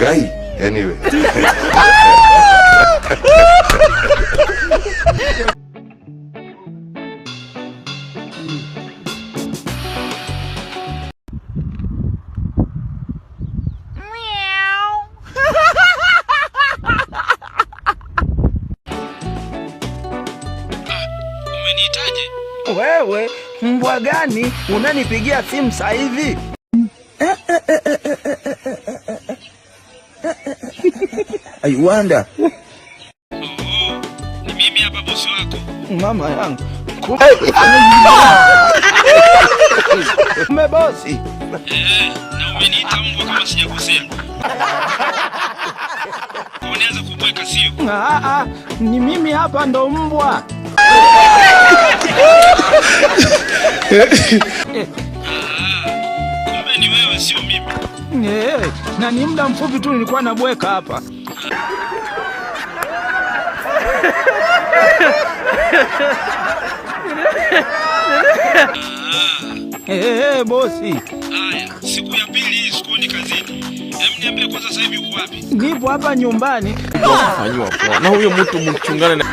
Guy, anyway. umenihitaji? Wewe mbwa gani unanipigia simu saa hivi? Aiwanda. Oh, ni mimi hapa bosi wako. Mama yangu. Kumbe Eh, na umeniita mbwa kama sijakusema. Unaweza kubweka sio? Ah ah, ni mimi hapa ndo mbwa. Ni wewe sio mimi. Na ni muda mfupi tu nilikuwa nabweka hapa. Eh, eh, eh bosi. Haya, siku ya pili hii sikuoni kazini. Hebu niambie kwa sasa hivi uko wapi? Nipo hapa nyumbani. Na huyo mtu mchungane na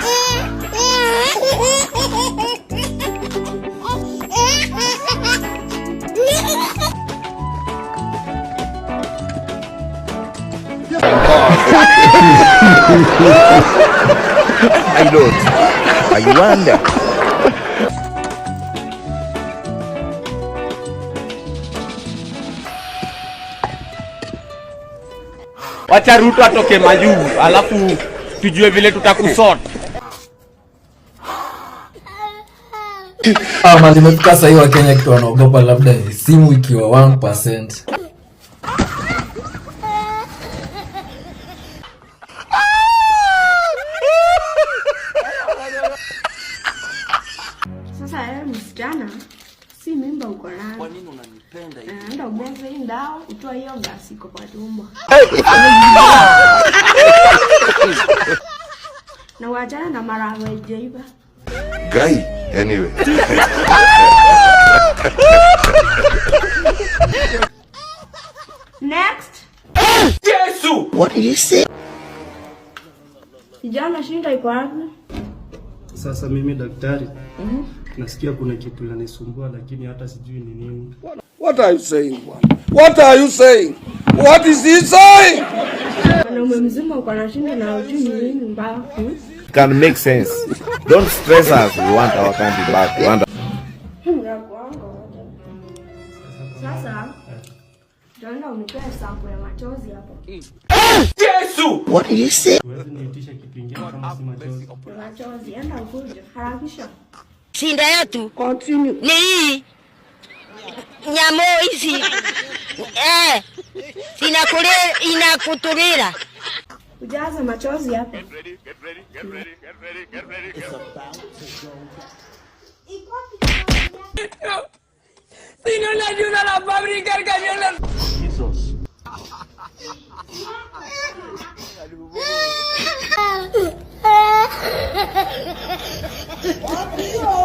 I don't. I wonder. Wacha Ruto atoke majuu, alafu tujue vile tutakusort. Ama ah, limefika sahii wa kitu wanaogopa labda simu ikiwa 1%. uko nani? Kwa nini unanipenda hivi? Naenda eh, ubonzo hii ndao kutoa hiyo gasi iko kwa tumbo. Na wajana na mara wajaiba. Guy, anyway. Next. Yesu. What did you say? Kijana shinda iko wapi? Sasa mimi daktari. Mhm. Mm Nasikia kuna kitu linanisumbua lakini hata sijui ni nini. What are you saying bwana? What are you saying? What is he saying? Mwanaume mzima uko na ujui nini Can make sense. Don't stress us. We want our country back. We want Sasa Yesu! What did you say? enda Harakisha. shinda yetu Continue. ni hii nyamo eh, inakutulira machozi Si no le ayuda la fábrica, el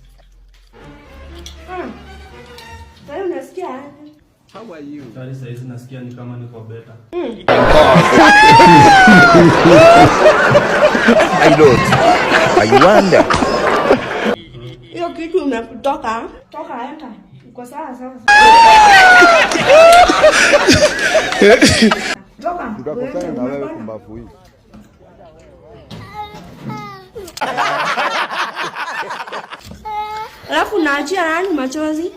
Unasikia saizi nasikia kama niko beta. Hmm. I Hiyo kitu imekutoka. Toka hata. Uko sawa sasa. alafu naachia nani machozi?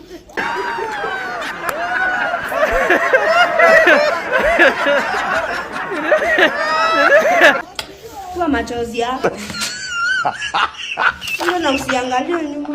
Kwa machozi yako na usiangalie nyuma.